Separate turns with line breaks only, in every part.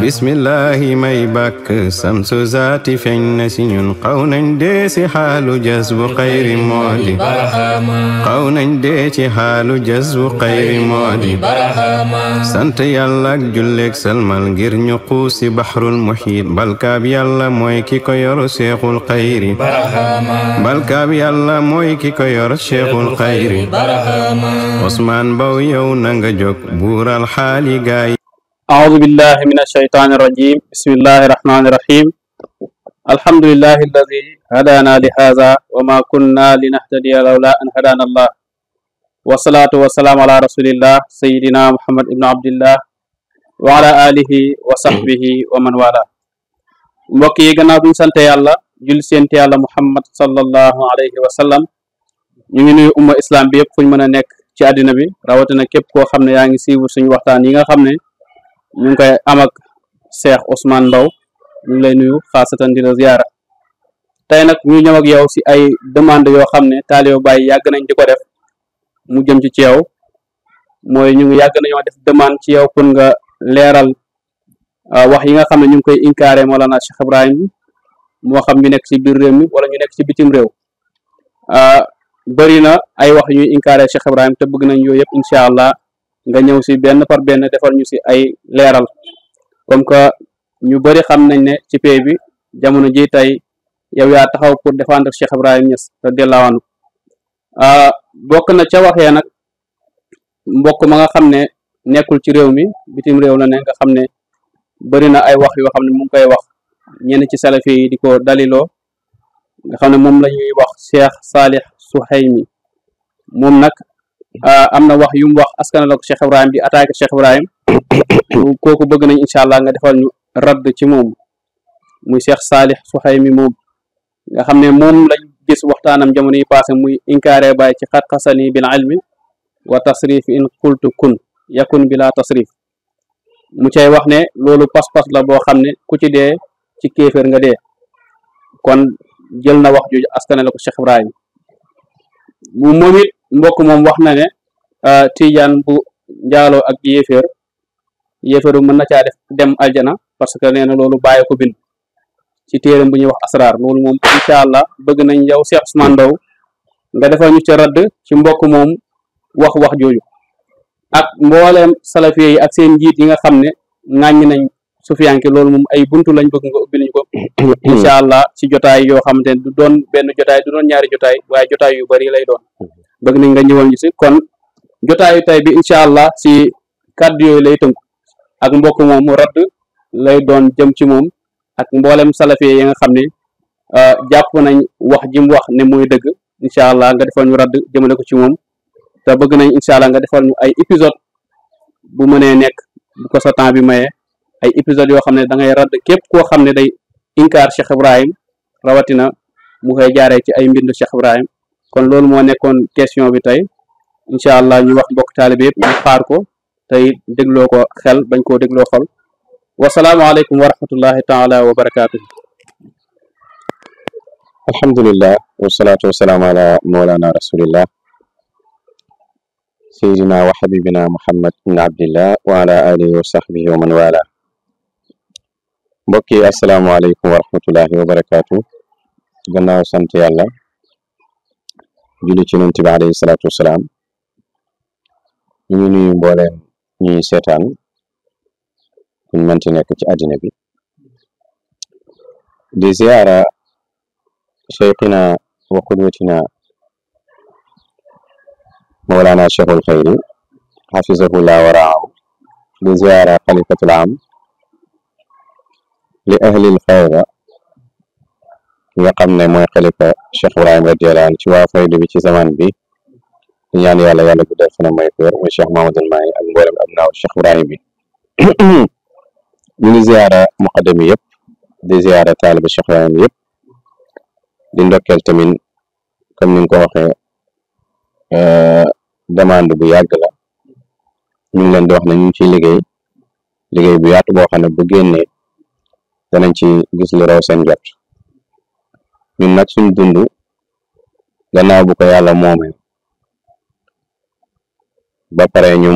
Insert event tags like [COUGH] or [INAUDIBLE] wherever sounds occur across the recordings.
بسم الله ما ميبك سمس زاتي فين سنين قون ديس حال جذب خير مودي برهما قون ديس حال جذب خير مودي برهما سنت يلا جلك سلم الغير نقوس بحر المحيط بل كاب يلا مويك كير شيخ الخير برهما بل كاب يلا مويك كير شيخ الخير برهما عثمان بويو بور الحالي غاي أعوذ بالله من الشيطان الرجيم بسم الله الرحمن الرحيم الحمد لله الذي هدانا لهذا وما كنا لنهتدي لولا أن هدانا الله والصلاة والسلام على رسول الله سيدنا محمد بن عبد الله وعلى آله وصحبه ومن والاه مبكي غناب سنت الله جل سنت الله محمد صلى الله عليه وسلم نيغي أمة إسلام بيب فوج مانا نيك سي ادنا بي راوتنا كيب كو خامني ياغي سيو سوني ñu ngi koy am ak Cheikh Ousmane Ndaw ñu lay nuyu xaasatan di la tey nag ñu ñëw ak yow si ay demande yoo xam ne taalibe Baay yàgg nañ di ko def mu jëm ci ci yow mooy ñu ngi yàgg nañoo def demande ci yow pour nga leeral ah, wax yi nga xam ne ñu ngi koy incaré na Cheikh Ibrahim moo xam ñu nekk ci biir réew mi wala ñu nekk ci bitim réew ah, bëri na ay wax ñuy incaré Cheikh Ibrahim te bëgg nañ yooyu yëpp incha allah nga ñew ci benn par benn defal ñu ci ay leral comme que ñu bari xam nañ ne ci pay bi jamono ji tay yow ya taxaw pour défendre Cheikh Ibrahim Niass radiallahu anhu ah, bok na ci waxe nak mbokk ma nga xam ne nekkul ci réew mi bitim réew la ne nga xam ne bari na ay wax yoo xam ne mu ngi koy wax ñenn ci salafi yi di ko daliloo nga xam ne moom la ñuy wax Cheikh Salih Suhaymi moom nag Euh, am na wax yu mu wax askan la ko Cheikh Ibrahim di attaqué Cheikh Ibrahim [COUGHS] kooku bëgg nañ incha allah nga defal ñu radd ci moom muy Cheikh Salih Suhaymi moom nga xam ne moom lañ gis waxtaanam jamono yi passé muy inkaare bay ci xat xasani bil ilmi wa tasrif in qultu kun yakun bila tasrif mu cay wax ne loolu pas-pas la boo xam ne ku ci dee ci kéefér nga de kon jël na wax jooju askan la ko Cheikh Ibrahim moom it mbokk moom wax na ne euh, tijaan bu njaaloo ak yéeféer yéeféeru mën na caa def dem aljana parce que nee na loolu bàyyi ko bind ci téeram bu ñuy wax asraar loolu moom incha allah bëgg nañ yow Cheikh Ousmane Ndaw nga defal ñu ca ci mbokk moom wax wax jooju ak mbooleem salafie yi ak seen njiit yi nga xam ne ŋàññi nañ sufiyanke loolu moom ay buntu lañ bëgg nga ubbi nañu ko [COUGHS] incha allah ci jotaay yoo xamante ne du doon benn jotaay du doon ñaari jotaay waaye jotaay yu bari lay doon mm-hmm. bëgg nañ nga ñëwal ñu si kon jotaayu tey bi incha allah si kàddu yooyu lay tënku ak mbokk moom radd lay doon jëm ci moom ak mboolem salafi yi nga xam ne euh, jàpp nañ wax ji wax ne mooy dëgg incha allah nga defal ñu radd jëmale ko ci moom te bëgg nañ incha allah nga defal nu ay épisode bu mënee nekk bu ko sa temps bi mayee ay épisode yoo xam ne da ngay radd képp koo xam ne day inkaar Cheikh Ibrahim rawatina mu koy jaaree ci ay mbindu Cheikh Ibrahim kon loolu moo nekkoon question bi tey incha allah ñu wax mbokk taalibe yëpp ñu xaar ko tey dégloo ko xel bañ koo dégloo xol wasalaamaaleykum wa rahmatullahi taala wa barakaatuhu
alhamdulillah wasalaatu wasalaam ala mawlana rasulillah sayidina wa xabibina muhammad ibn abdillah wa ala wa sahbihi wa man wala mbokk yi asalaamaaleykum wa rahmatullahi wa barakaatu gannaaw sant yàlla julli ci yonent bi alayhi salaatu wasalaam ñu ngi nuyu mbooleem ñuy seetaan ñu mënti nekk ci àddina bi di ziyaara cheikhina wa qudwatina mawlana cheikhul xayri xafisahullah wa raahu di ziyaara xalifatul am li ahlil fayda ki nga xam ne mooy xalifa Cheikh Ibrahima radiyallahu anhu ci waa faydu bi ci zaman bi di ñaan yàlla yàlla guddal fan may koor muy Cheikh Mamadou Mahi ak mboolem am naaw Cheikh bi ñu [COUGHS] ziyaara muqaddam yi yëpp di ziyaara taaliba Cheikh Ibrahima yëpp di ndokkeel tamit comme ni ko waxee euh, demande bu yàgg la ñu ngi leen di wax ne ñu ciy liggéey liggéey bu yaatu boo xam ne bu génnee danañ ci gis lu raw seen jot ñun nag suñ dund gannaaw bu ko yàlla moomee ba pare ñu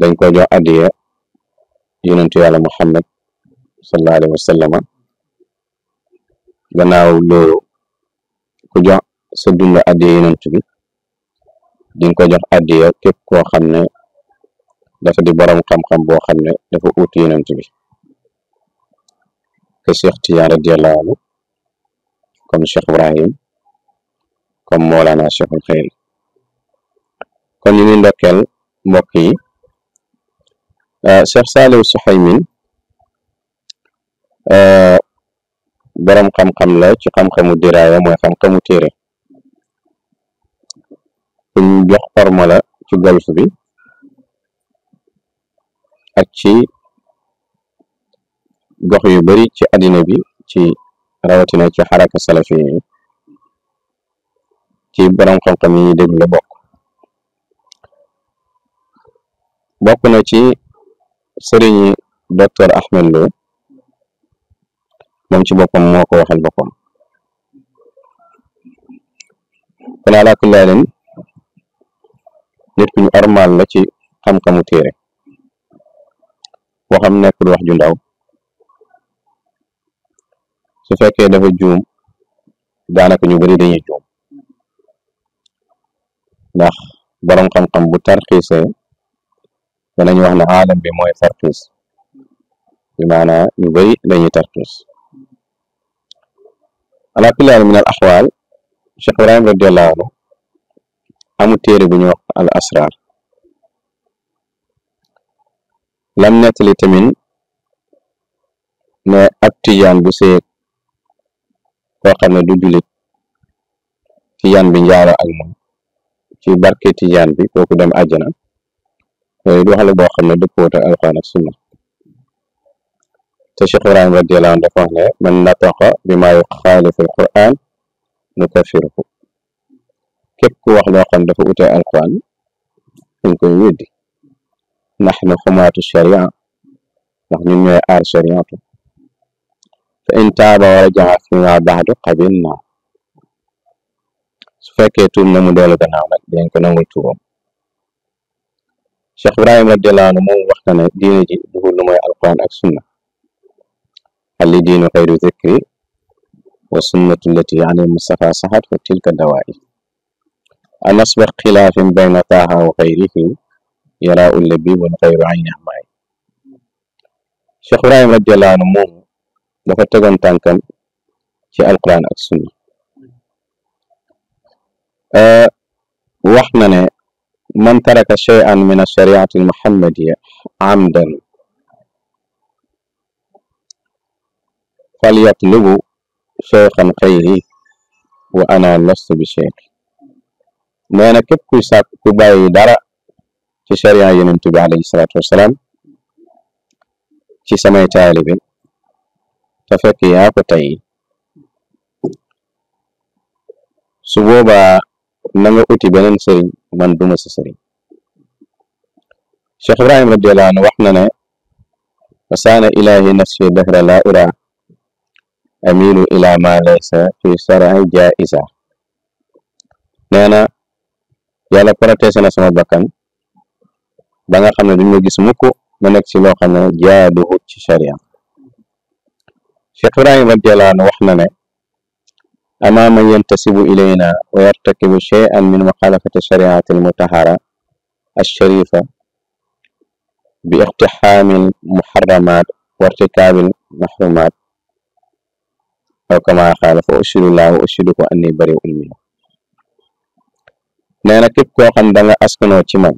dañ ko jox addiya yonentu yàlla muhammad sallallahu alayhi wa sallama gannaaw loolu ku jox sa dund addiya yonent bi diñ ko jox addiya képp koo xam ne dafa di borom xam-xam boo xam ne dafa uut yonent bi كشيخ تيار ديال الله عنه كم شيخ إبراهيم كم مولانا شيخ الخير كم يمين لوكال موكي آه شيخ سالي وسحيمين آه برم قم قم لا تي قم قم ديرايا موي قم تيري كن جوخ فرمولا تي غولف بي اكشي gox yu bari ci àddina bi ci rawatina ci xaraka salafi ci borom xam-xam yi dégg la bokk bokk na ci sëriñi docteur Ahmed Lo ci boppam moo ko waxal boppam kon ala kulli leen nit ku ñu ormal la ci xam-xamu téere waxam nekkul wax ju ndaw su fekkee dafa juum daanaka ñu bari dañuy juum ndax borom xam-xam bu tarxiisee danañ wax ne aalam bi mooy tarxiis bi ñu bari dañuy tarxiis ala kulli haal min al axwaal Cheikh Ibrahim radiyallahu anhu amu téere bu ñu wax al asraar lam nettali tamit ne ab tijaan bu seeg koo xam ne du julit tijaan bi njaaro ak moom ci barke tijaan bi kooku dem àjjana yooyu du xale boo xam ne dëppoota alxuraan ak sunna te Cheikh Ibrahim radiyallahu anhu dafa wax ne man nataqa bi maa yuxaalifu alquran nukaffiruhu képp ku wax loo xam dafa utee alquran dañ koy weddi ndax ne xumaatu sharia ndax ñun ñooy aar shariatu in taaba wa raja'a fiimaa ba'du qabilnaa su fekkee tuub na mu doole gannaaw nag dinañ ko nangul Ibrahim radiyallaahu anhu moom wax na ne diine ji duhul lu mooy sunna xalli diinu xayru zikri wa sunnatu llati an al saxat fa tilka dawaa'i an asbax xilaafin bayna taaha wa xayrihi yaraa ul labiibun xayru ayni amaay Cheikh Ibrahim radiyallaahu anhu moom dafa tegoon tànkam ci alquran ak sunna euh, wax na ne man taraka shay'an min ash-shari'ati al-muhammadiyya amdan falyatlubu shaykhan xayri wa ana lastu bi shaykh nee na képp kuy sàkk ku bàyyi dara ci sharia yonent bi alayhi salaatu wasalaam ci samay taalibe te fekk yaa ko tey su boobaa na nga uti beneen sëriñ man duma sa sëriñ Cheikh Ibrahima radiyallahu anhu wax na ne wasaana ilahi nafsi dahra la ura aminu ila ma laysa fi sarai jaisa nee na yàlla protégé na sama bakkan ba xam ne duñ ma gis mukk ma nekk ci loo xam ne jaaduwut ci sharia Cheikh Ibrahima radiyallahu anhu wax na ne amaa man yantasibu ilayna wa yartakibu shay'an min muxaalafati shariati almutahara alsharifa bi iqtixaamil muharramat wa irtikaabil mahrumat aw kama qaala fa ushhidullah wa ushhidukum anni bari'un minhu nee na képp koo xam da nga askanoo ci man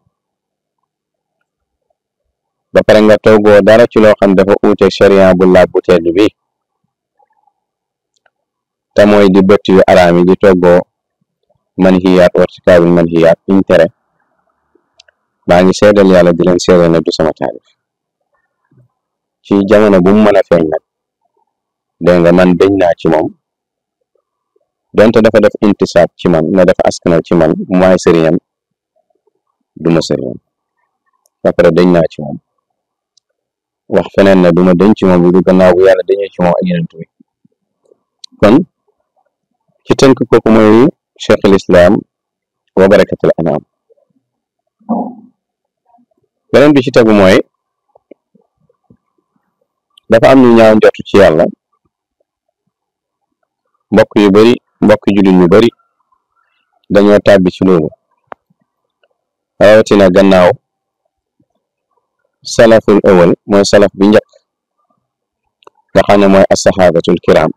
ba pare nga toggoo dara ci loo xam dafa uute sharia bu laab bu te mooy di bëtt yu araam yi di toggoo manhiyaat wartikaabul manhiyaat biñ tere maa ngi seedal yàlla di leen seedal ne du sama ci jamono bu mu mën a feeñ nag man deñ naa ci moom donte dafa def intisaab ci man ne dafa askanal ci man mooy sëriñam du ma sëriñam ba pare naa ci moom wax feneen ne du ma deñ ci moom bi du gannaaw bu yàlla dañoo ci moom kon ci tënk kooku mooy cheikhul islam wa barakatul anam beneen bi ci tegu mooy dafa am ñu ñaaw njortu ci yàlla mbokk yu bari mbokk jullit yu bari dañoo tàbbi ci loolu rawatina gannaaw salaful awal mooy salaf bi njëkk nga xam ne mooy assaxaabatul kiram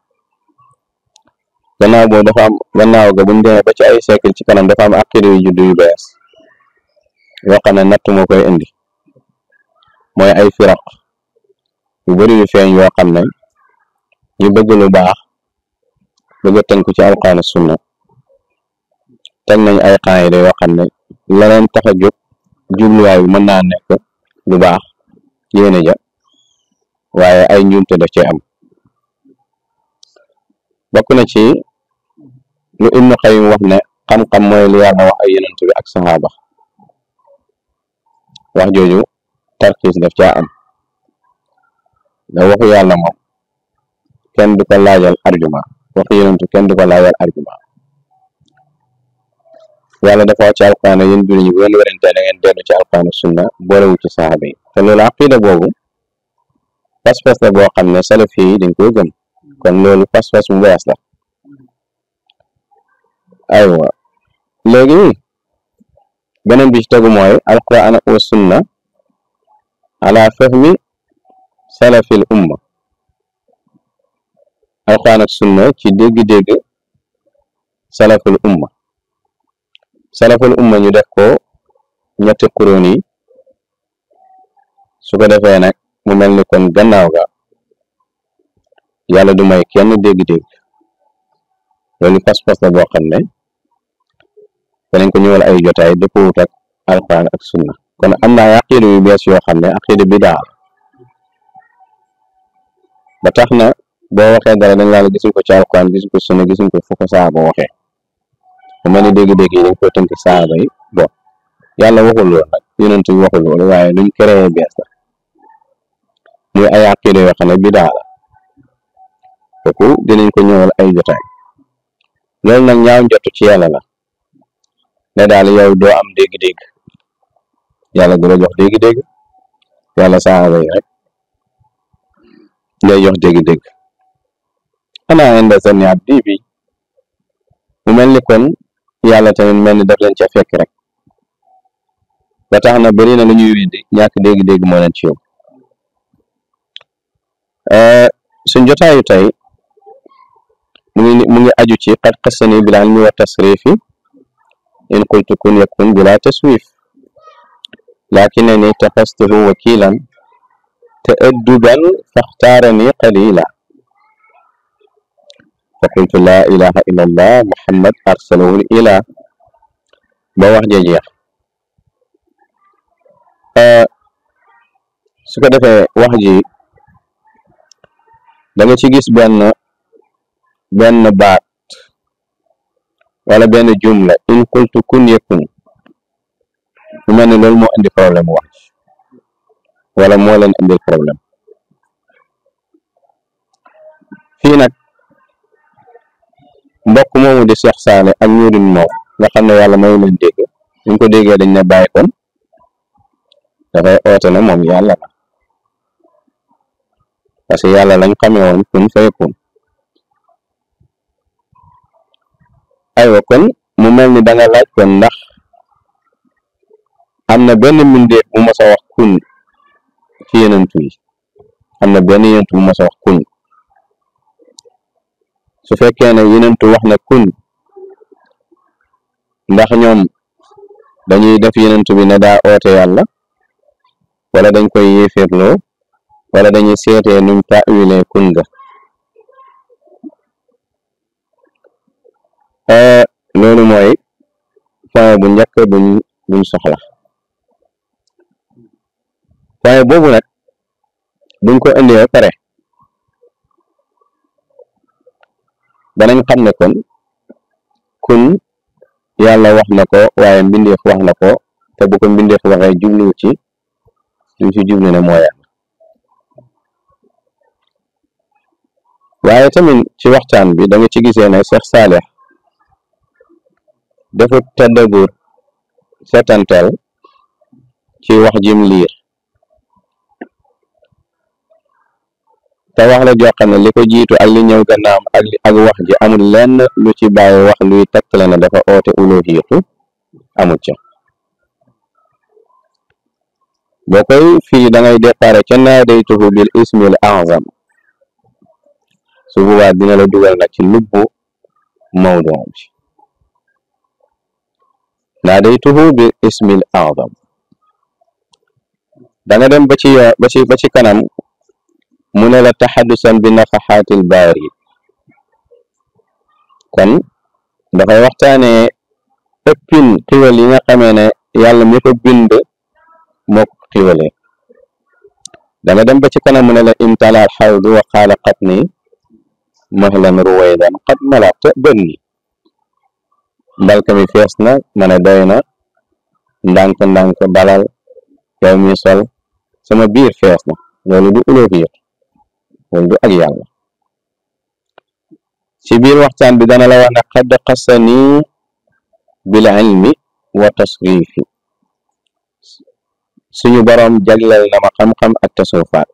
gannaaw boobu dafa am ba ga buñ demee ba ci ay siècle ci kanam dafa am aqida yu judd yu bees yoo xam ne natt koy indi mooy ay firaq yu bëri yu feeñ yoo xam ne ñu bëgg lu baax bëgg a tënku ci alquraan sunna teg nañ ay qaayida yoo xam ne la leen tax a jóg jubluwaay bi mën naa nekk lu baax yéene ja waaye ay njuumte daf cee am bokk na ci lu Ibnu Qayyim wax ne xam-xam mooy lu wax ay yonent ak saxaaba wax jooju tarxiis daf caa am da waxu yàlla moom kenn du ko laajal waxu yonent kenn du ko laajal argument yàlla dafa wax ci alquran bu ngeen werante da ngeen dellu ci alquran sunna boolewu ci saxaaba yi te loolu aqida boobu pas-pas la boo xam ne salaf yi dañ koy gëm kon loolu pas-pas bu bees la aywa léegi beneen bi ci tegu mooy a wa ala fahmi salafil umma alquran ak sunna ci dégg-dégg salaful umma salaful umma ñu def ko ñetti kuréel ko defee nag mu mel ni kon gannaaw ga yàlla du kenn dégg-dégg loolu pas-pas boo xam ne danañ ko ñëwal ay jotaay dëppoowut ak alxuraan ak sunna kon am na ay yu bees yoo xam ne aqiida bidaa ba tax na boo waxee dañ laa la gisuñ ko ci alxuraan gisuñ ko sunna gisuñ ko fu ko saaba waxee bu mel ni dégg-dégg yi dañ koy tënk saaba nag yonent bi waaye luñ créé bees la muy ay aqiida xam ne bidaa la kooku dinañ ko ñëwal ay jotaay loolu nag ñaaw njott ci yàlla la ne daal yow doo am dégg-dégg yàlla du la jox dégg-dégg wala saxaaba yi rek ngay jox dégg-dégg xanaa indi seen yaab di bi mu mel ni kon yàlla tamit mel ni daf leen ca fekk rek ba tax na bëri na lu ñuy weddi ñàkk dégg-dégg moo leen ci eh, mu ngi aju ci qad qassani bil ilmi wa tasrifi إن قلت كن يكون بلا تسويف لكنني اتخذته وكيلا تأدبا فاختارني قليلا فقلت لا إله إلا الله محمد أرسله إلى ba wax ja jeex su ko defee wax ji da nga ci gis benn benn baat wala benn jumla in qultu kun yakun mu mel ni loolu moo indi problème wax wala moo leen indil problème fii nag mbokk moomu di Cheikh Saale ak ñu dul moom nga xam ne yàlla mayu leen dégg ñu ko déggee dañ ne bàyyi kon dafay oote na moom yàlla la parce que yàlla lañ xamee woon kun fayakun aywa kon mu mel ni da laaj kon ndax am na benn mbindeef bu mos wax kun ci yenentu am na benn yentu bu mos wax kun su fekkee ne yenentu wax na kun ndax ñoom dañuy def yenentu bi ne daa oote yàlla wala dañ koy yéefeerloo wala dañuy seetee nuñ taawilee kun ga Eh, loolu mooy point bu njëkk buñ buñ soxla point boobu nag buñ ko indee ba pare danañ xam ne kon kun yàlla wax na ko waaye mbindeef wax na ko te bu ko mbindeef waxee jubluwu ci luñ ci jublu ne moo waaye tamit ci waxtaan bi danga ci gisee ne Cheikh defut te dëggut setantal ci wax jim liir te wax la joo xam ne li ko jiitu ak li ñëw gannaam ak ak wax ji amul lenn lu ci bàyyi wax luy tegtale ne dafa oote uluhiitu amul ca boo koy fii da ngay déparé ca naadaytuhu bil ismil azam su dina la dugal nag ci lubbu mawduu naadaytuhu bi ismil a'zam da nga dem ba kanam mu ne la taxaddusan bi nafaxaatil baari kon dafay waxtaanee ëppin xiwal yi nga xamee ne yàlla mi ko bind moo ko xiwale danga dem ba ci kanam mu ne la imtala alxawdu wa qaala qatni mahlan ruwaydan qad mbalka mi fees na ma ne doy na ndànk ndànk dalal yow mi sol sama biir fees na loolu du uluhiyya loolu du ak yàlla ci biir waxtaan bi dana la wax ne xad xasani bil ilmi wa na ma xam-xam ak tasawufaat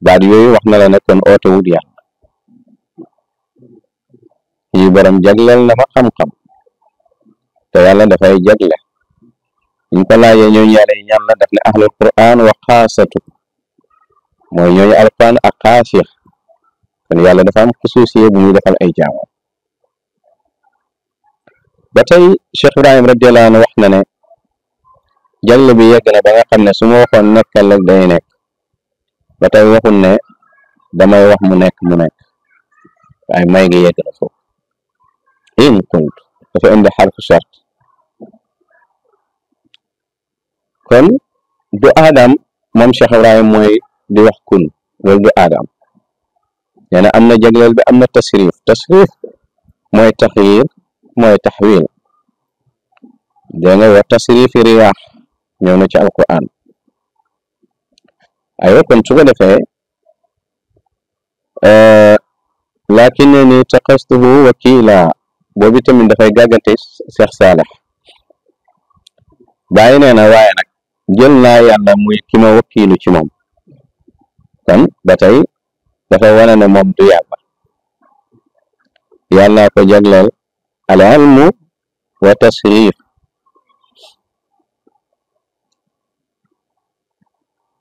baat yooyu wax na la ne kon oote suñu borom jagleel na ma xam-xam te yàlla dafay jagle ñu ko laajee ñooñu yàlla yi ñaan la daf ne ahlul quran wa xaasatu mooy ñooñu alquran ak xaasiya kon yàlla dafa am xusuusiye bu ñuy defal ay jaamam ba tey Cheikh Ibrahim radiyallahu anhu wax na ne jagle bi yegg na ba nga ne su ma waxoon nekkal day nekk ba tey ne damay wax mu nekk mu nekk waaye may gi yegg na foofu in kunt dafa indi xarfu shart kon du aadam moom Cheikh Ibrahim mooy di wax kun du aadam nee na am na jagleel am na tasrif tasrif mooy taxyir mooy taxwil dégg nga wa tasrifi riwaax ñëw na ci alquran ayo kon su ko defee lakin ni taqastuhu wakila boobu tamit dafay gàggante Seex Saalex bàyyi nee na waaye nag jël naa yàlla muy ki ma ci moom kon ba tey dafay wane ne moom du yàlla yàlla ko jagleel al ilmu wa tasrif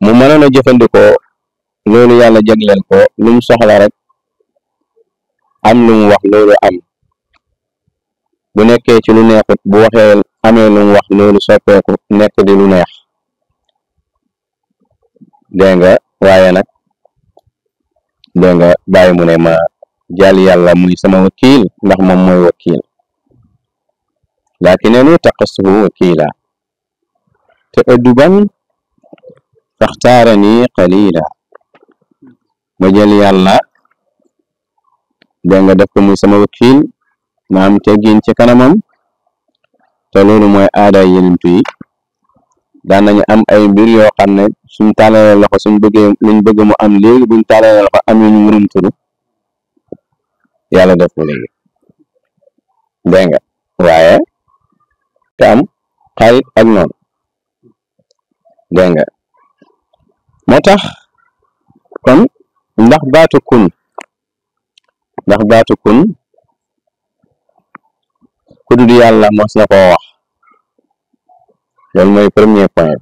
mu mënoon a jëfandikoo loolu yàlla jagleel ko lu mu soxla rek am lu wax loolu am bu nekkee ci lu neexut bu waxee amee lu mu wax loolu soppeeku nekk di lu neex dégg nga waaye nag dégg nga mu ne ma jàll yàlla muy sama wakiil ndax moom mooy wakiil lakinenu taqasuhu wakiila te adduban faxtaarani qalila ma jël yàlla dégg nga def ko muy sama wakiil na am teggin ci kanamam te loolu mooy aada yenentu yi nañu am ay mbir yoo xam ne suñ tàllalee loxo suñ bëggee luñ bëgg mu am léegi buñ tàllalee loxo am ñu murum turu yàlla def ko léegi dégg nga waaye te am xarit ak noonu moo tax kon ndax baatu kun ndax baatu kun ku dul yàlla mos na koo wax loolu mooy premier point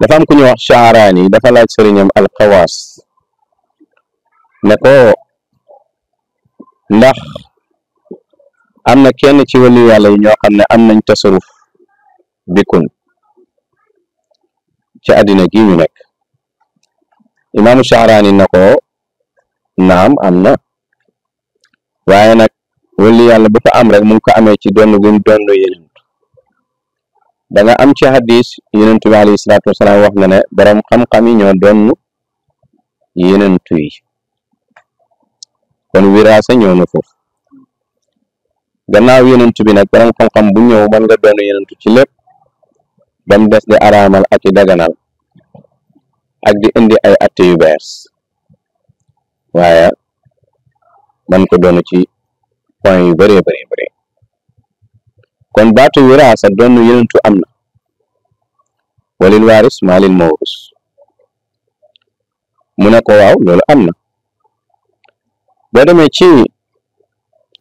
dafa am ku ñu wax Shaaraani dafa laaj sëriñam alxawaas ne ko ndax am na kenn ci wàllu yàlla yi ñoo ne am nañ tasaruf bikun ci àddina gi ñu nekk imaamu Shaaraani na ko naam am na waaye wali yalla bu ko am rek mu ko amé ci donu gu donu donn da nga am ci hadis yenentu bi alayhi salaatu wasalaam wax na ne borom xam-xam yi donu donn yenentu yi kon wiraasa ñoo na fof gannaaw yenentu bi nak borom xam-xam bu ñëw man nga donn yenentu ci lepp dess de aramal ak daganal ak di indi ay atté yu bees waya man ko donu ci point yu bëree bëree kon baatu wiraasa donn yenentu am na walil waaris maalil mawrus mu ne ko waaw loolu am na boo demee ci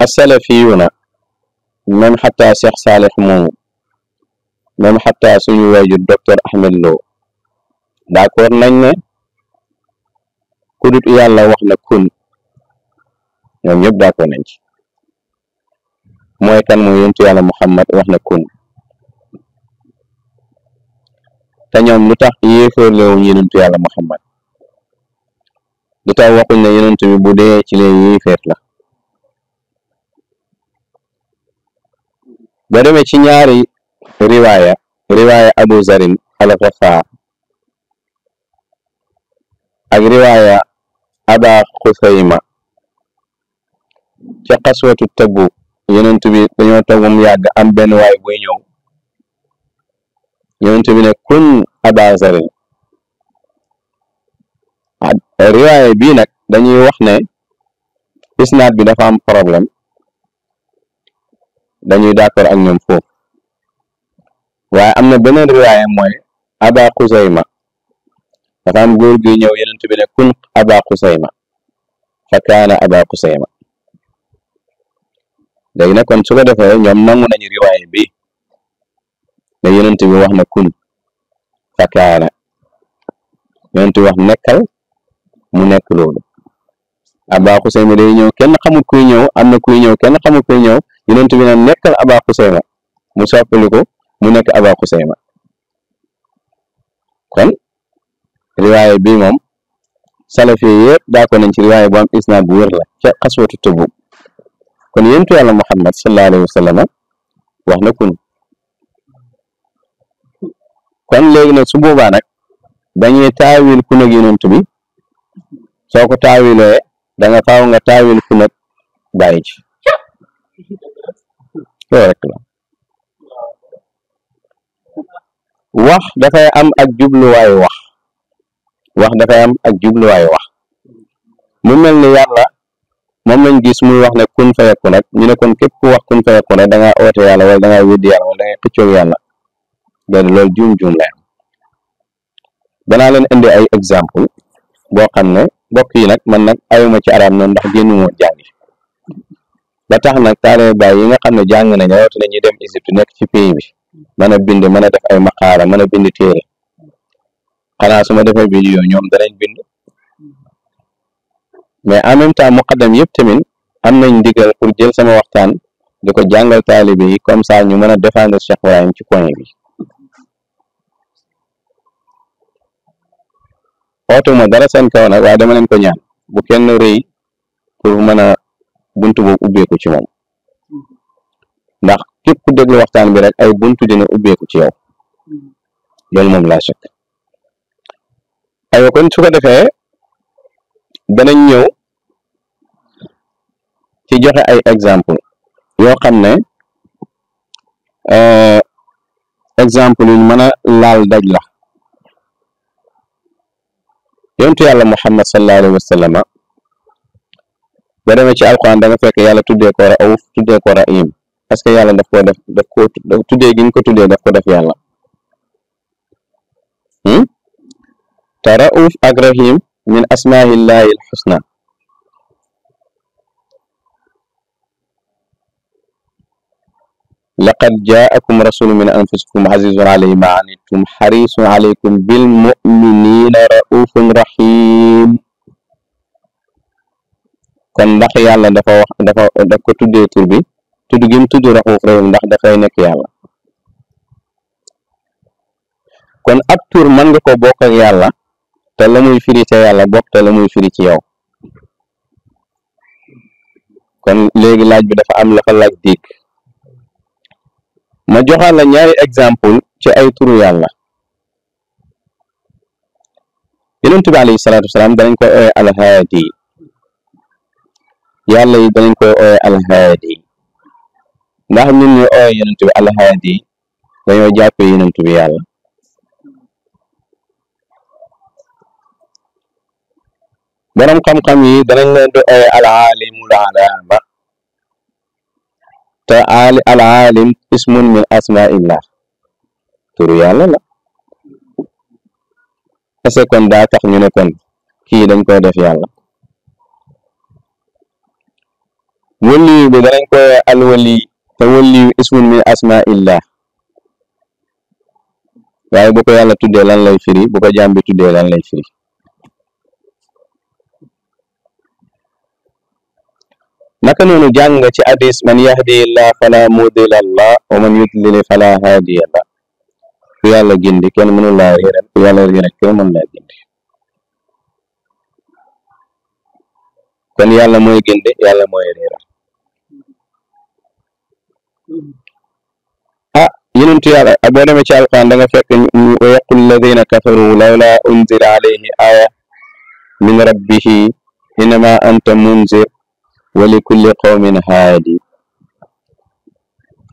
asalafiyuna même xataa Cheikh Saalix moomu même xataa suñu Ahmed Lo d'accord nañ ne ku dut yàlla wax na kun ñoom ñëpp d'accord nañ ci mooy kan mooy yonentu yàlla Muhammad wax kun te ñoom lu tax yéeféerlewuñ yonentu yàlla Muhammad lu tax waxuñ ne bu dee ci lee yéeféer la ba demee ci ñaari riwaaya riwaaya Abu Zarim al-Ghaffaar ak riwaaya Aba Xusayma ca xaswatu Tabuk yonent bi dañoo toog mu yàgg am benn waay buy ñëw yonent bi ne kun Abaa Zarin riwaaye bii nag dañuy wax ne isnaad bi dafa am problème dañuy d'accord ak ñoom foofu waaye am na beneen riwaaye mooy Abaa Xusayma dafa am góor gi ñëw yonent bi ne kun Abaa Xusayma fa kaana Abaa Xusayma léegi nag kon su ko defee ñoom nangu nañu riwaay bi ne yonent bi wax na kun fakaana yonent bi wax nekkal mu nekk loolu Aba Xuseyma day ñëw kenn xamut kuy ñëw am na kuy ñëw kenn xamut kuy ñëw yonent bi ne nekkal Aba Xuseyma mu soppaliku mu nekk Aba Xuseyma kon riwaay bi moom salafi yëpp daa ko nañ ci riwaay bu am isnaad bu wér la ca xaswatu kon yonentu yàlla Muhammad sallallahu alayhi wa sallam wax na kun kon léegi nag su boobaa nag dañuy taawil kun ak yonent bi soo ko taawilooyee da nga faaw nga taawil kun ak bàyyi ci rek la wax dafay am ak jubluwaay wax wax dafay am ak jubluwaayu wax mu mel ni gis mu wax ne kun fayakun rek ñu ne kon képp ku wax kun fayakun rek da ngaa oote yàlla wala da ngaa weddi yàlla wala da ngaa xëccoog yàlla loolu loolu juum-juum la exemple boo xam ne mbokk yi nag man nag ayuma ci arab noonu ndax génn woon jàngi ba tax na nag taale baay yi nga xam ne jàng nañ rawatina dem Égypte nekk ci pays bi mën a bind mën a def ay maqaara mën a bind téere xanaa su ma defee vidéo ñoom danañ bind mais en même temps muqaddam yëpp tamit am nañ ndigal pour jël sama waxtaan di ko jàngal taalibe yi comme ça ñu mën a défendre Cheikh Ibrahim ci coin bi ootuma dara seen kaw nag waaye dama leen ko ñaan bu kenn rëy pour mën a bunt boobu ubbeeku ci moom ndax képp ku déglu waxtaan bi rek ay buntu dina ubbeeku ci yow loolu moom laa sek aywa kon su ko defee danañ ñëw ci joxe ay exemple yo xam ne euh, exemple yu mën a laal daj la yontu yàlla muhammad sallallahu alayhi wa sallam boo demee ci alquran da nga fekk yàlla tuddee ko rauf tuddee ko rahim parce que yàlla daf ko def daf ko tuddee gi ñu ko tuddee daf ko def yàlla hmm? te rauf ak rahim min asmaillahi alxusna laqad jaakum rasulun min anfusikum azizun alayhi ma anittum harisun alaykum bil muminina raufun rahim kon ndax yàlla dafa wax dafa daf ko tuddee tur bi tudd gi mu tudd raxuuf rahim ndax dafay nekk yàlla kon ab tur mën nga ko bokk yàlla te la muy firi ca yàlla bokk te la muy firi ci yow kon léegi laaj bi dafa am la fa laaj dikk ma joxaat la ñaari exemple ci ay turu yàlla yonent bi alayhi salaatu wasalaam danañ koy ooye alhaadi yàlla yi danañ koy ooye alhaadi ndax ñun ñu ooye yonent bi alhaadi dañoo jàppee yonent bi yàlla borom xam-xam yi danañ leen di ooye alaalimul alaama te al alaalim ismun min asmaillah turu yàlla la ese kon tax ñu ne kii dañ koy def yàlla wëlli bi danañ koy alwali te wëlli ismun min asmaillah waaye bu ko yàlla tuddee lan lay firi bu ko jaam bi tuddee lan lay firi naka noonu jàng ci hadis man yahdihillah fala mudilla lah wa man yudlil fala hadiya lah ku yàlla gindi kenn mënu laa réeral ku yàlla kenn mënu laa gindi kon yàlla mooy gindi yàlla mooy réeral ah yonentu ci alquran fekk wa yaqul ladina kafaru lawla unzila aya min rabbihi innama anta munzir ولكل قوم هادي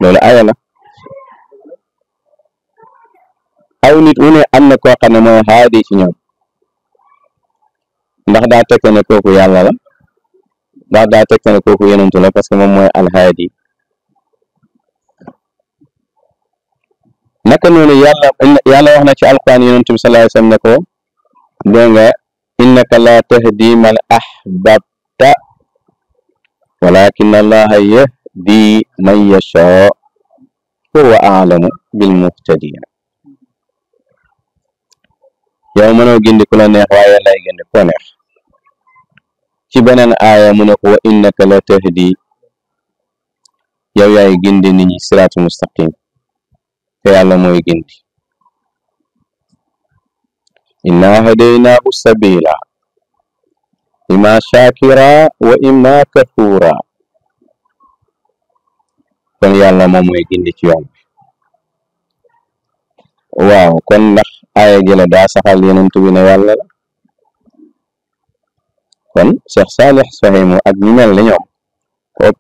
لولا آية لا أو نتوني أنك وقنا ما هادي في نيوم بعد ذلك نكوك يا الله بعد ذلك نكوك يا نمتلا بس كما مو الهادي نكن نوني يا الله يا الله وحنا في القرآن ينتم صلى الله عليه وسلم نكو دونغا إنك لا تهدي من أحببت ولكن الله يهدي من يشاء هو أعلم بالمهتدين يومنا جند كل نهاية لا جند كونه تبنا آية من وإنك لا تهدي yow يأي جند nit سرات مستقيم في علم ويجند إنا gindi inna ima shakira wa ima kafura kon yàlla moom mooy gindi ci yoon bi waaw kon ndax aaya ji la daa saxal yenent bi ne yàlla kon Cheikh Saalix Sohaybu ak ñu mel ni ko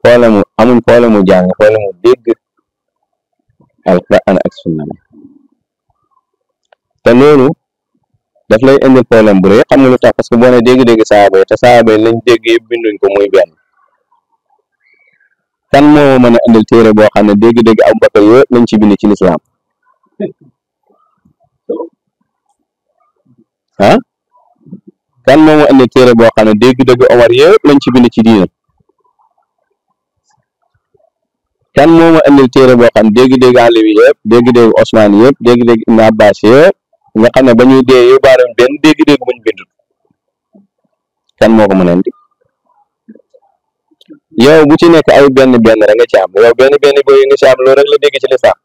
problème mu amuñ problème mu jàng problème mu dégg sunna la te loolu daf lay indil problème bu rëy xam nga lu tax parce que boo nee dégg-dégg saaba yi te saaba yi lañ dégg binduñ ko muy benn kan moo a indil téere boo xam ne dégg-dégg Abu Bakar yëpp lañ ci ci lislaam boo xam ne dégg-dégg Omar yëpp lañ ci bind ci diina kan moo ma indil téere boo xam ne dégg-dégg Ali yëpp dégg-dégg Osman yëpp dégg-dégg Ibn Abbas nga xam ne ba ñuy dee yóbbaale benn dégg-dégg buñ bindut kan moo ko mën a indi yow bu ci nekk ay benn benn rek nga ci am yow benn benn boobu nga ci am rek la dégg ci li sax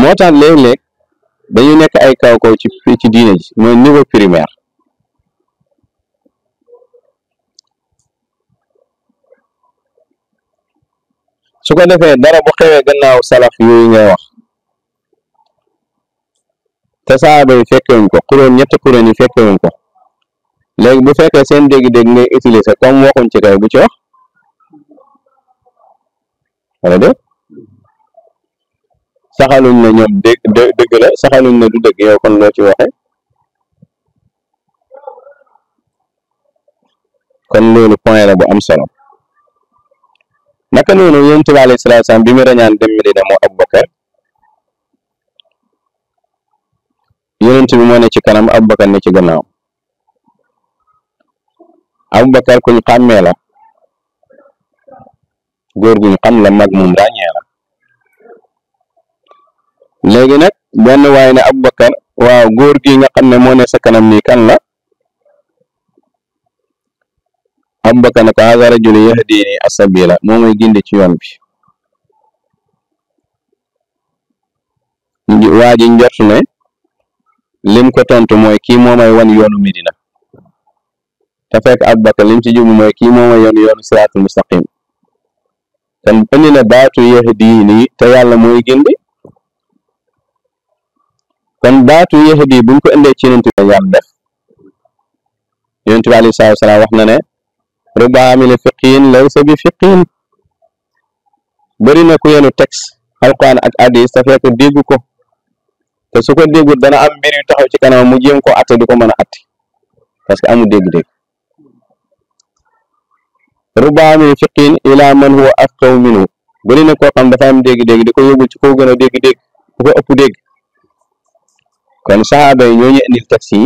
moo tax léeg-léeg dañuy nekk ay kaw kaw ci ci diine ji mooy niveau primaire su ko defee dara bu xewee gannaaw salaf yooyu ngay wax te saaba yi fekke wuñ ko kuréel ñetti kuréel ko léegi bu fekkee seen dégg-dégg ngay utiliser comme waxuñ ci kay bu ci wax wala de saxaluñ na ñoom dé dëgg la saxaluñ na du dëgg yow kon ci waxe kon loolu point la bu am solo naka noonu yonent bi alayhi salaatu salaam bi mu rañaan dem Medina moo Abubakar yonent bi moo ci kanam Abubakar ne ci gannaaw Abubakar kuñ xàmmee la góor guñ xam la mag moom ràññee la léegi nag benn waaye ne Abubakar waaw góor gi nga xam ne moo sa kanam nii kan la Abubakar na ko haaza rajulu yahdini as-sabila moo may gindi ci yoon bi waa ji lim ko tontu mooy kii moo may wan yoonu Medina te fekk lim ci jublu mooy kii moo may yoon yoonu siraatul mustaqim kon indi na baatu yahdini te yàlla mooy gindi kon baatu di buñ ko indee ci yonent bi def yonent bi alayhi salaatu salaam na ne ruba amili fiqiin laysa bi fiqiin bëri na ku yenu texte alquran ak hadis te fekk dégg ko te su ko déggul dana am mbir yu ci kanam mu jéem ko atte du ko mën a parce que am dégg-dégg ruba min fiqin ila man huwa afqaw minhu bëri na koo xam dafa am dégg-dégg di ko yóbbul ci koo gën a dégg-dégg ko ëpp dégg kon saxaaba yi ñoo ñu indil taxi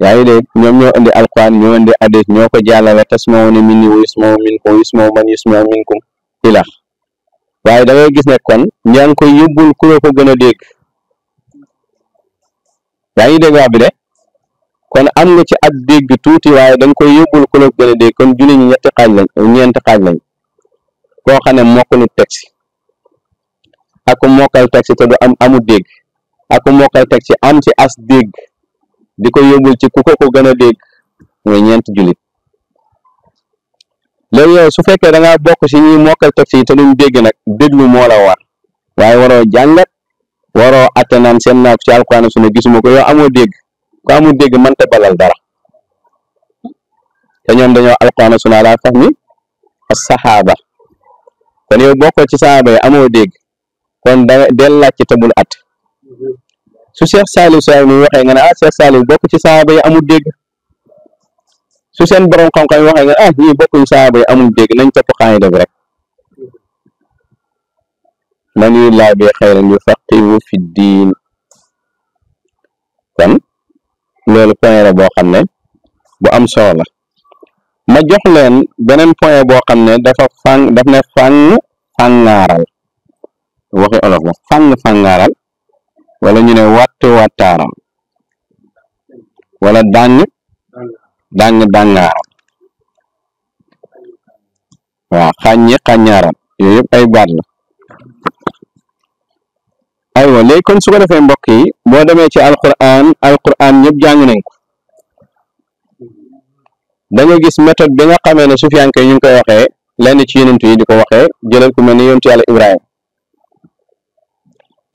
yaa ngi dégg ñoom ñoo indi alquran ñoo indi hadis ñoo ko jàllale tasma'una minni wa yusma'u minkum yusma'u man yusma'u minkum ilax waaye da ngay gis kon ñaa ngi koy yóbbul ko gën a dégg yaa ngi dégg wax bi de kon am nga ci ab dégg tuuti waaye da nga koy yóbbul ku la gën a dégg kon julli ñi ñetti xaaj lañ ñeenti xaaj lañ koo xam ne mokkalut texte ak ku mokkal texte te du am amu dégg ak ku mokkal texte am ci as dégg di ko yóbbul ci ku ko ko gën a dégg mooy ñeenti jullit léegi yow su fekkee danga bokk si ñuy mokkal texte yi te duñ dégg nag déglu moo la war waaye waroo jàngat waroo atte seen naa ko ci alxuraan su ne gisuma ko yow amoo dégg ko amul dégg mënta balal dara te dañoo alxuraan su ne ala fax mi as saxaaba kon yow bokkoo ci saxaaba yi amoo dégg kon da del laajte te bul at su Cheikh Saliou Sy mi waxee nga ne ah Cheikh Saliou bokk ci saxaaba yi amu dégg su seen borom xam-xam yi waxee nga ne ah ñii bokkuñ saxaaba yi amul dégg nañ topp xaani def rek man yulaa bi xayran yufaqihu fi diin kon loolu point boo xam ne bu am solo la ma jox leen beneen point boo xam ne dafa fang daf ne fang fangaaral waxi olof la fang fangaaral wala ñu ne watt wattaaral wala dàng dàng dàngaaral waaw xàññi xàññaaral yooyu ay baat la aywa léegi kon su ko defee mbokk yi boo demee ci alquran alquran ñëpp jàng nañ ko da nga gis méthode bi nga xamee ne sufiyanke ñu ngi koy waxee lenn ci yonent yi di ko waxee jëlal ku mel ni yonentu yàlla ibrahima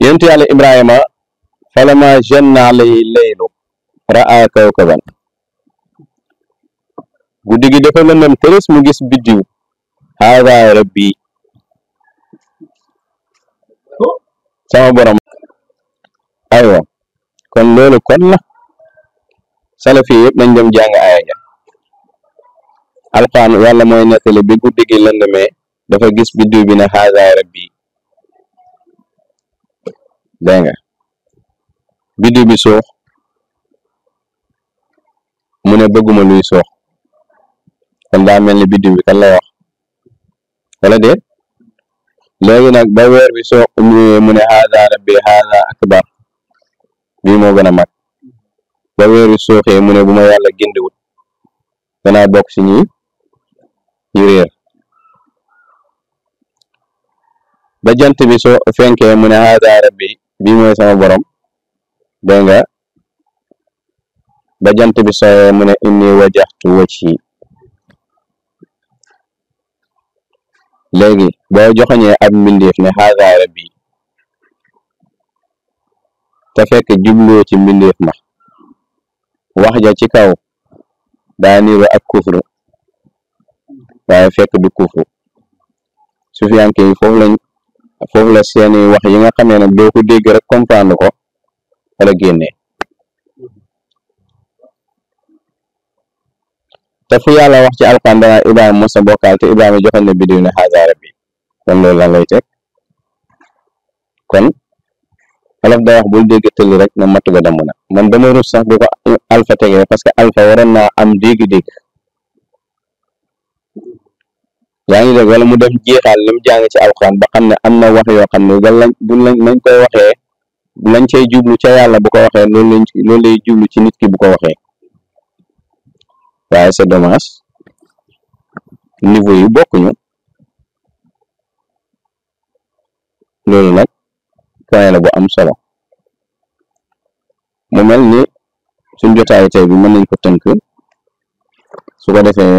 yonentu yàlla ibrahima falama janna alayhi laylu raa kawkaban guddi gi dafa lëndëm tërës mu gis biddiw haada rabbi sama borom aywa kon loolu kon la salafi yëpp nañ dem jàng aaya ja alqaan yàlla mooy bi guddi gi lëndëmee dafa gis biddiw bi ne xaasaay rabbi dégg nga bi suux mu ne bëgguma luy suux kon daa mel ni biddiw bi kan la wax wala déet léegi nag ba weer bi soo ñëwee mu ne xaaza rabbi xaaza akbar bii gën mag ba weer bi sooxee mu ne bu ma yàlla gindiwut danaa bokk si ñi ñi réer bi soo sama borom dégg nga ba jant bi sooyee mu ne léegi boo joxoñee ab mbindeef ne xaaga rabbi te fekk jubloo ci mbindeef ma wax ja ci kaw daa niiru ak kufru waaye fekk du kufru sufiyanke yi foofu lañ foofu la seeni wax yi nga xamee ne doo dégg rek comprendre ko wala génnee te fu yàlla wax ci alxuraan danaa Ibrahima moo sa bokkaal te Ibrahima joxoon na biddiw ne xaasaa rabbi kon loolu lan lay teg kon olof da wax bul dégg tëli rek na matt ba damm man dama rus sax ko alpha tegee parce que alpha waroon naa am dégg-dégg yaa ngi dégg wala mu dem jeexaal li mu ci alxuraan ba xam ne am na wax yoo xam ne gan lañ bu lañ nañ koy waxee lañ cay jublu ca yàlla bu ko waxee loolu lañ loolu lay jublu ci nit ki bu ko waxee waaye se dommage niveau yi bokkuñu loolu nag point la bu am solo mu mel ni suñ jotaayu tey bi mën nañ ko tënk su ko defee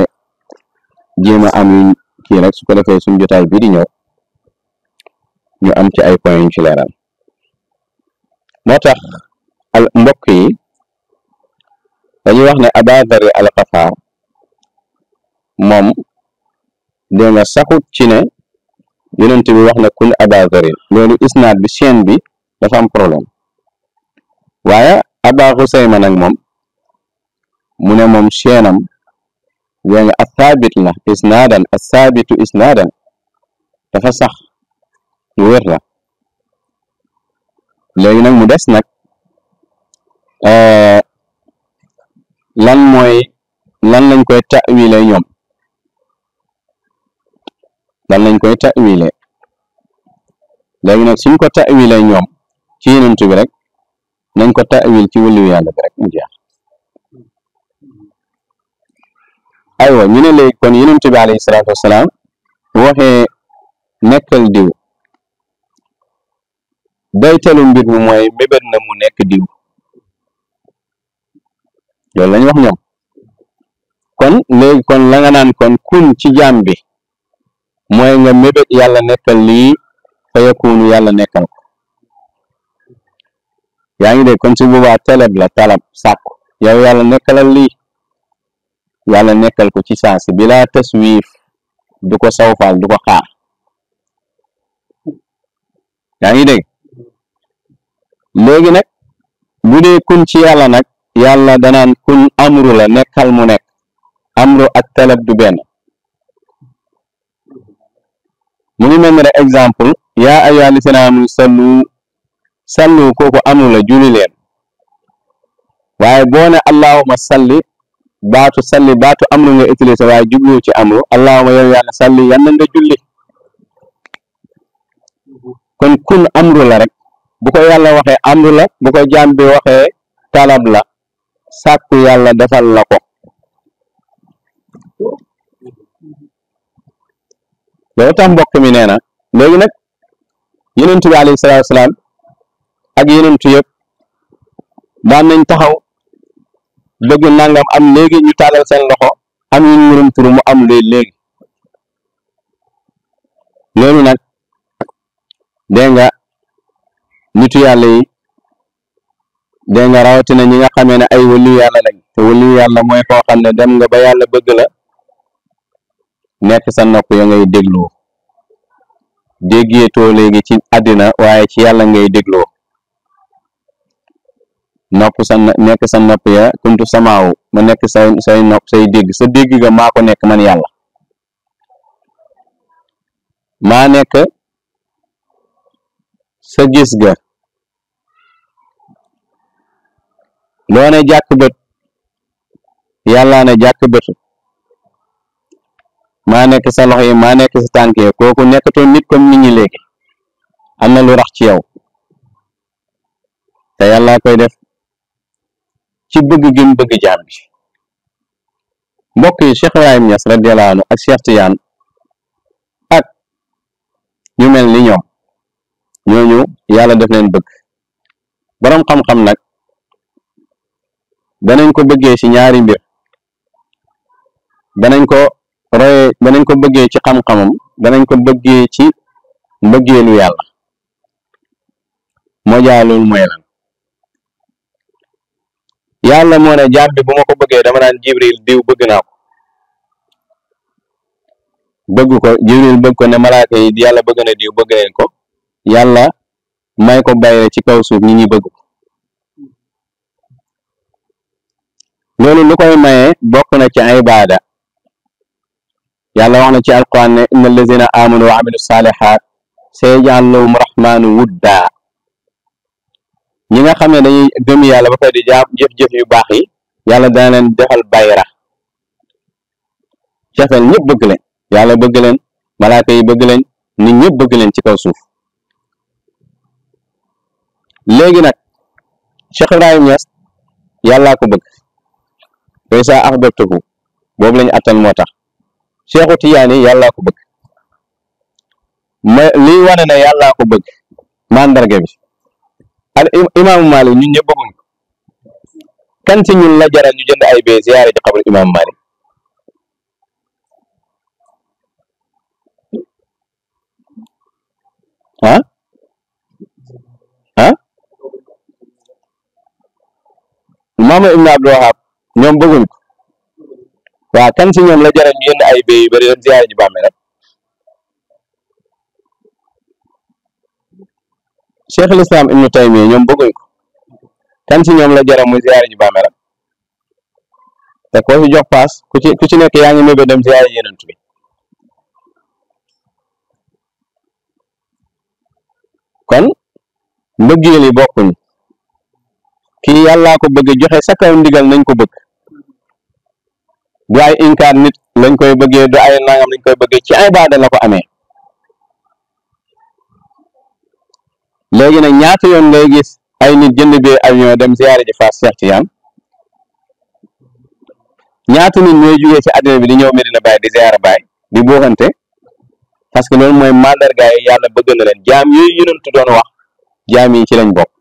jéem a am yuñ kii su ko defee suñ jotaay bii di ñëw ñu am ci ay point yuñ ci tax al yi dañu wax ne abadari alxafaar moom dégg nga saxut ci ne yonent bi wax ne kun abadari loolu isnaad bi seen bi dafa am problème waaye aba xusayma nag moom mu ne moom chaîne a dégg nga athaabit la isnaadan athaabitu isnaadan dafa sax lu wér la léegi nag mu des nag euh, lan mooy lan lañ koy ta'wile ñoom lan lañ koy ta'wile léegi nag suñ ko ta'wile ñoom ci yenent bi rek nañ ko ta'wil ci wëliwu yàlla bi rek mu jeex aywa ñu ne léegi kon yenent bi alayhi salaatu wasalaam waxee nekkal diw daytalu mbir mi mooy mébét na mu nekk diw lool lañu wax ñoom kon léegi kon la nga naan kon kun ci jaam bi mooy nga mébét yàlla nekkal lii fa yakunu yàlla nekkal ko yaa ngi dégg kon su boobaa talab la talab sàkku yow yàlla nekkalal lii yàlla nekkal ko ci saasi bi laa taswiif du ko sawfaal du ko xaar yaa ngi dégg léegi bu dee kun ci yàlla nag yàlla danaan kun amru la nekkal mu nekk amru ak talab du benn mu ngi mel ne rek exemple yaa ayyuhaa llaziina sallu sallu kooku amru la julli waaye boo ne allahuma salli baatu salli baatu amru nga utilisé waaye jublu ci amru allahuma yow yàlla salli yal nga julli kon kun amru la rek bu ko yàlla waxee amru la bu ko jaam talab la sàkku yàlla defal la ko loolu tam mbokk mi nee na léegi nag yenentu bi alayhi salaatu wasalaam ak yenentu yëpp daan nañ taxaw dëgg nangam am léegi ñu taalal sen loxo am ñu murum tur mu am léegi léegi loolu nag dégg nga nitu yàlla dégg nga rawatina ñi nga xamee ne ay wëliyu yàlla lañ te wëliyu yàlla mooy koo xam ne dem nga ba yàlla bëgg la nekk sa nopp ya ngay dégloo déggeetoo léegi ci àddina waaye ci yàlla ngay dégloo nopp sa nekk sa nopp ya kuntu samaaw ma nekk say say nopp say dégg sa dégg ga maa ko nekk man yàlla maa nekk sa gis ga loo ne jàkk bët yàlla ne jàkk bët maa nekk sa loxo yi maa nekk sa tànk yi kooku nekkatoo nit comme nit ñi léegi am na lu rax ci yow te yàlla koy def ci bëgg gi mu bëgg jaam bi mbokk yi Cheikh Ibrahim Niass ak Cheikh ak ñu mel ni ñoom ñooñu yàlla def leen bëgg boroom xam-xam nag danañ ko bëggee ci ñaari mbir danañ ko royee danañ ko bëggee ci xam-xamam danañ ko bëgge ci mbëggeelu yàlla moo jaa loolu mooy lan yàlla moo ne jaam bi bu ma ko bëggee dama naan jibril diw bëgg naa ko bëgg ko jibril bëgg ko ne malaaka yi yàlla bëgg na diw bëgg leen ko yàlla may ko bayre ci kaw suuf ñi ñi bëgg loolu lu koy maye bokk na ci ay yàlla wax na ci alquran ne inna allazina amanu wa amilu salihat sayajal lahum rahmanu wudda ñi nga xam ne dañuy gëm yàlla ba pare di jaam jëf-jëf yu baax yi yàlla dana leen defal bayra cafeel ñëpp bëgg leen yàlla bëgg leen malaaka yi bëgg leen nit ñëpp bëgg leen ci kaw suuf léegi nag Cheikh Ibrahim Niass yàllaa ko bëgg fa isa ahbabtuhu boobu lañu attan moo tax Seexu Tijaani yàllaa ko bëgg ma liy wane ne yàllaa ko bëgg mandarga bi al imaamu Maalik ñun ñëpp bëgguñ ko la jaral ñu jënd ay bee ji xabru imaamu Maalik ah ah maama Ibn Abdul ñoom bëgguñ ko waaw kan si ñoom la jaral ñu yenn ay béy yu bëri dem ziare ji bàmmeelam cheikh al islam ibnu taymiya ñoom bëgguñ ko kan si ñoom la jaral muy ziare ji bàmmeelam te koo si jox paas ku ci ku ci nekk yaa ngi mébé dem ziare yenent bi kon mbëggeel yi bokkuñ kii yàllaa ko bëgg joxe sa kaw ndigal nañ ko bëgg du ay inkaan nit lañ koy bëggee du ay nangam lañ koy bëggee ci ay baada la ko amee léegi nag ñaata yoon ngay gis ay nit jënd bi avion dem ziyaare ji Fass Cheikh ñaata nit ñooy jugee ci àddina bi di ñëw Medina Baye di ziyaare Baye di buuxante parce que loolu mooy mandarga yi yàlla bëgg na leen jam yooyu yonent doon wax jaam yi ci lañ bokk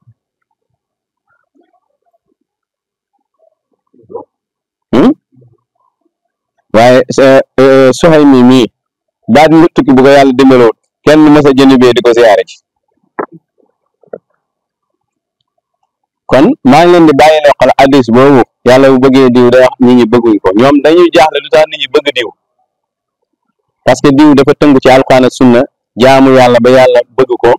waaye eh, eh, soxay mi mii daa di tukki bu yàlla dimbaloon kenn mës a jënd bee di ko siyaare ci kon maa ngi leen di bàyyi leen xol addis boobu yàlla bu bëggee diw day wax nit ñi bëgguñ ko ñoom dañuy jaaxle lu tax nit ñi bëgg diw parce que diw dafa tënku ci alquran ak sunna jaamu yàlla ba yàlla bëgg ko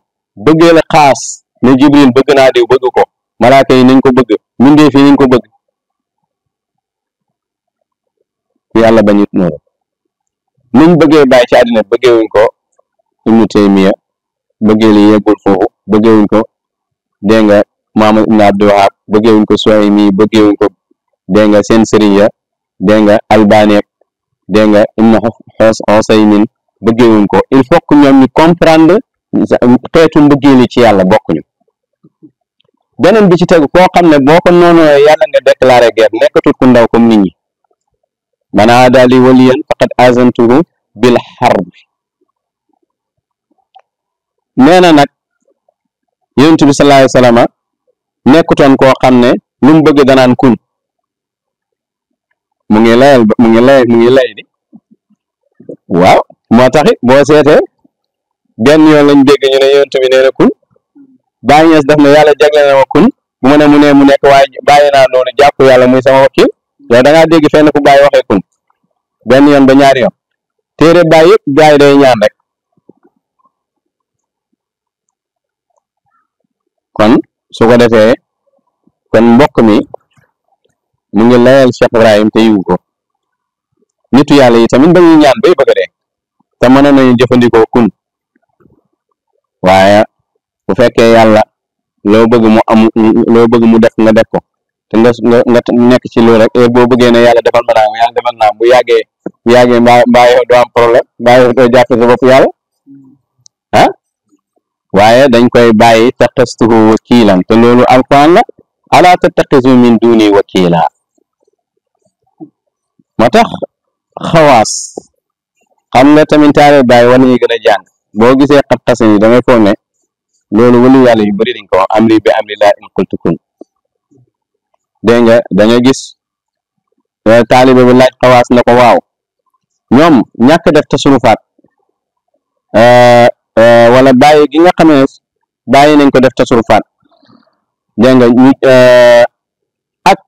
bëggee la xaas ne jibril bëgg naa diw bëgg ko malaaka yi nañ ko bëgg mindee fii nañ ko bëgg yàlla bañu noonu nuñ bëggee bàyyi ci àddina bëggeewuñ ko ibnu taymiya bëggee li yeggul foofu bëggeewuñ ko dégg nga maama ibnu abdul wahab bëggeewuñ ko sooy mii bëggeewuñ ko dégg nga seen sëriñ ya dégg nga albani ak dégg nga ibnu xoos xoosaymin bëggeewuñ ko il faut que ñoom ñu comprendre xeetu mbëggeel yi ci yàlla bokkuñu beneen bi ci teg koo xam ne boo ko noonu yàlla nga déclaré guerre nekkatul ku ndaw comme nit ñi man aadaa lii waliyan faqad aazantuhu bil harbi nee na nag yonent bi sallallahu alayhi wa sallam nekkutoon koo xam ne lu mu bëgg danaan kuñ mu ngi layal mu ngi lay mu ngi lay di waaw moo taxit boo seetee benn yoon lañ dégg ñu ne yonent bi nee na kuñ bàyyi ñees yàlla jagle na ma kuñ bu mu ne mu ne mu nekk waaye bàyyi naa noonu jàpp yàlla muy sama wakiil yow da ngaa dégg fenn fu bàyyi waxee kun benn yoon ba ñaari yoon téere bàyyi yëpp gaa yi day ñaan rek kon su ko defee kon mbokk mi mu ngi layal Cheikh Ibrahim te yiwu ko nitu yàlla yi tamit dañuy ñaan bay bëgg a dee te mën nañu jëfandikoo kun waaye bu fekkee yàlla loo bëgg mu am loo bëgg mu def nga def ko te nga nga nekk ci loolu rek heure eh, boo bëggee ne yàlla defal ma naa yàlla defal naa bu yàggee bu yàggee mbaa mbaa yow doo am problème mbaa doo jàpp sa bopp yàlla hmm. ah dañ koy bàyyi tattastuhu wakiilan te loolu alquran la alaa tattaxisu min duuni wakiila moo tax xawaas xam nga tamit taare bàyyi war nañu gën a jàng boo gisee xat-xasin yi da ngay foog ne loolu walu yàlla yu bëri dañ ko wax amri bi amri laa in qultu dégg nga da nga gis eh, taalibe bu laaj xawaas na ko waaw ñoom ñàkk def tasrufaat eh, eh, wala bàyyi gi nga xamee bàyyi nañ ko def tasrufaat dégg nga ñu ak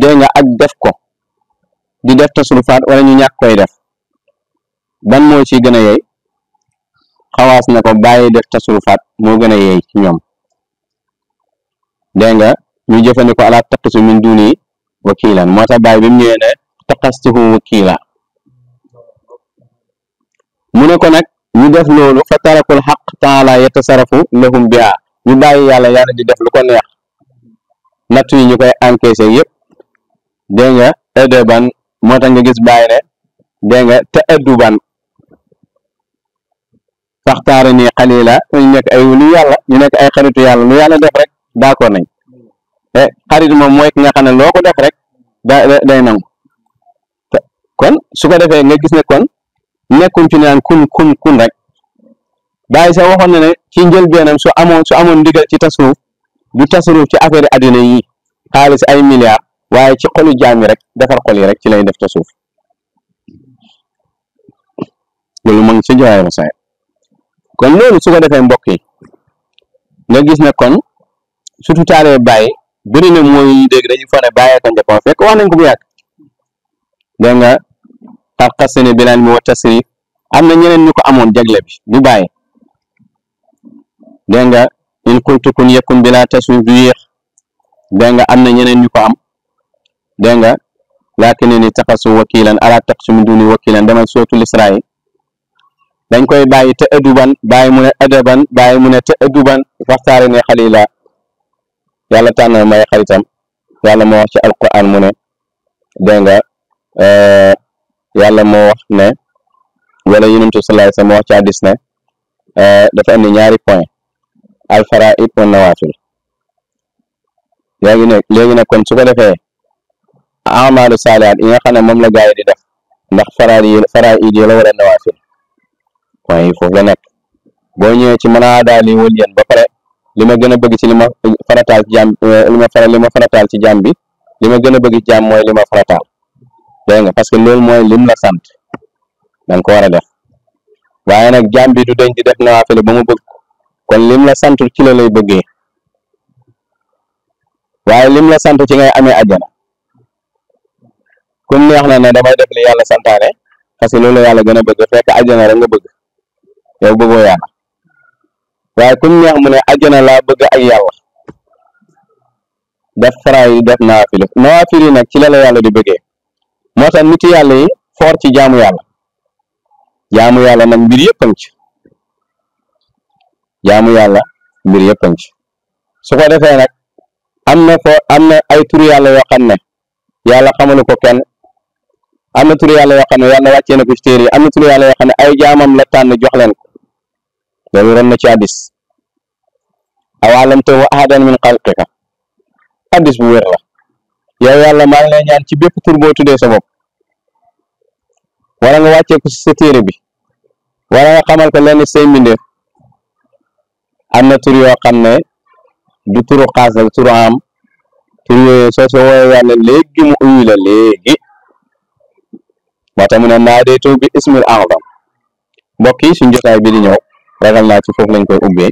dégg nga ak def ko di def tasrufaat wala ñu ñàkk koy def ban moo ci gën a xawaas na ko bàyyi def tasrufaat moo gën a yey ci ñoom dégg ñu jëfandikoo ala taqsu min duni wakilan mota tax bàyyi bi mu ne taqastuhu wakila mu ne ko nak ñu def lolu fa tarakul haqq taala yatasarafu lahum biha ñu bàyyi yalla yalla di def lu ko neex Denga yi ñu koy encaissé nga nga gis bay ne de nga te eduban faxtaara ni xalila ñu nek ay wuli yalla ñu nek ay xaritu yalla lu yalla def rek d'accord nañ xarit moom mooy ki nga xam ne loo ko def rek da day nangu kon su ko defee nga gis ne kon nekkuñ ci naan kun kun kun rek bàyyi sax waxoon na ne ci njëlbeenam su amoon su amoon ndigal ci tasawuf du tasawuf ci affaire addina yi xaalis ay milliards waaye ci xolu jaam yi rek defar xol rek ci lay def tasawuf loolu mu ngi ci joxe wasaay kon loolu su ko defee mbokk yi nga gis ne kon surtout taalee bàyyi bëri na mooy dégg dañuy fane bàyyee ko njëkkoon fekk wax nañ ko bu yàgg dégg nga xar xasene binaan mi wa tasrif am na ñeneen ñu ko amoon jagle bi ñu bàyyi dégg nga in qultu kun yakun bila tasrif du yéex dégg nga am na ñeneen ñu ko am dégg nga laakin ni taxasu wakilan ala taqsu min duni wakilan demal sootul isra yi dañ koy bàyyi te aduban bàyyi mu ne adaban bàyyi mu ne te aduban waxtaare ne xalila yàlla tànnal may xaritam yàlla moo wax ci alquran mu ne dégg nga euh, yàlla moo wax ne wala yonent bi sallallahu alayhi wasallam moo wax ci hadis ne euh, dafa indi ñaari poin alfaraid wa nawafil léegi nag léegi kon su ko defee amalu saalihaat yi nga xam ne moom la gaa di def ndax faraid yi faraid yi la wala nawafil point yi foofu la nekk boo ñëwee ci mën a li ma gën a bëgg ci li ma farataal ci jaam euh, li ma fara li ma farataal ci jaam bi li ma a bëgg ci jaam mooy li ma farataal dégg nga parce que loolu mooy lim la sant danga ko war a def waaye nag jaam bi du deñ di def nawaafile ba mu bëgg kon lim la sant ci la lay bëggee waaye lim la sant ci ngay amee àjjana kum neex na ne damay def li yàlla santaane parce que loolu la yàlla gën a bëgg fekk àjjana rek nga bëgg yow bëggoo yàlla waaye kum neex mu ne ajjana laa bëgg ak yàlla def faraay yi def naafile naafile yi nag ci la la di bëggee moo tax nit yàlla yi foor ci jaamu yàlla jaamu yàlla nag mbir yëpp a ngi ci jaamu yàlla mbir yëpp a ngi ci defee nag am na ko am na ay tur yàlla yoo xam ne yàlla xamalu ko kenn am na tur yàlla yoo xam ne yàlla wàccee na ko ci téere yi am na tur yàlla yoo ne ay jaamam la tànn jox leen loolu ron na ci hadis aw alamtahu ahadan min xalqika hadis bu wér la yow yàlla ñaan ci bépp tur boo tuddee sa bopp wala nga wàccee téere bi wala nga xamal ko lenn say na tur yoo xam ne du turu xaas la turu am tur yooyu soo sa wooyee yàlla mu uyu la léegi moo naa dee tur bi ismil a'zam mbokk yi suñ jotaay bi di ñëw ragal naa ci foofu lañ koy ubbee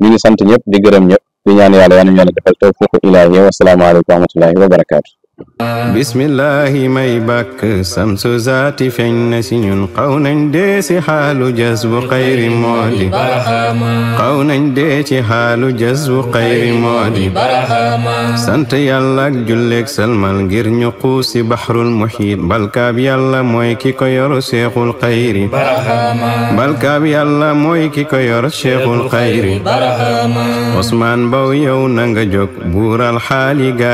ñu ngi sant ñëpp di gërëm ñëpp di ñaan yàlla yal na ñu yàlla defal tawfiq ilaahi wa aleykum wa wa barakaatu
بسم الله ما ميبك سمس زاتي فين نسين قونا ديسي حالو جذب خير مودي قونا قون حالو حال جذب خير مودي برهما سنت يلا جلك سلمان غير نقوس بحر المحيط بل كاب يلا موي كي كير شيخ الخير برهما بل كاب يلا موي كي كير شيخ الخير عثمان بو يو نغا جوك بور الحالي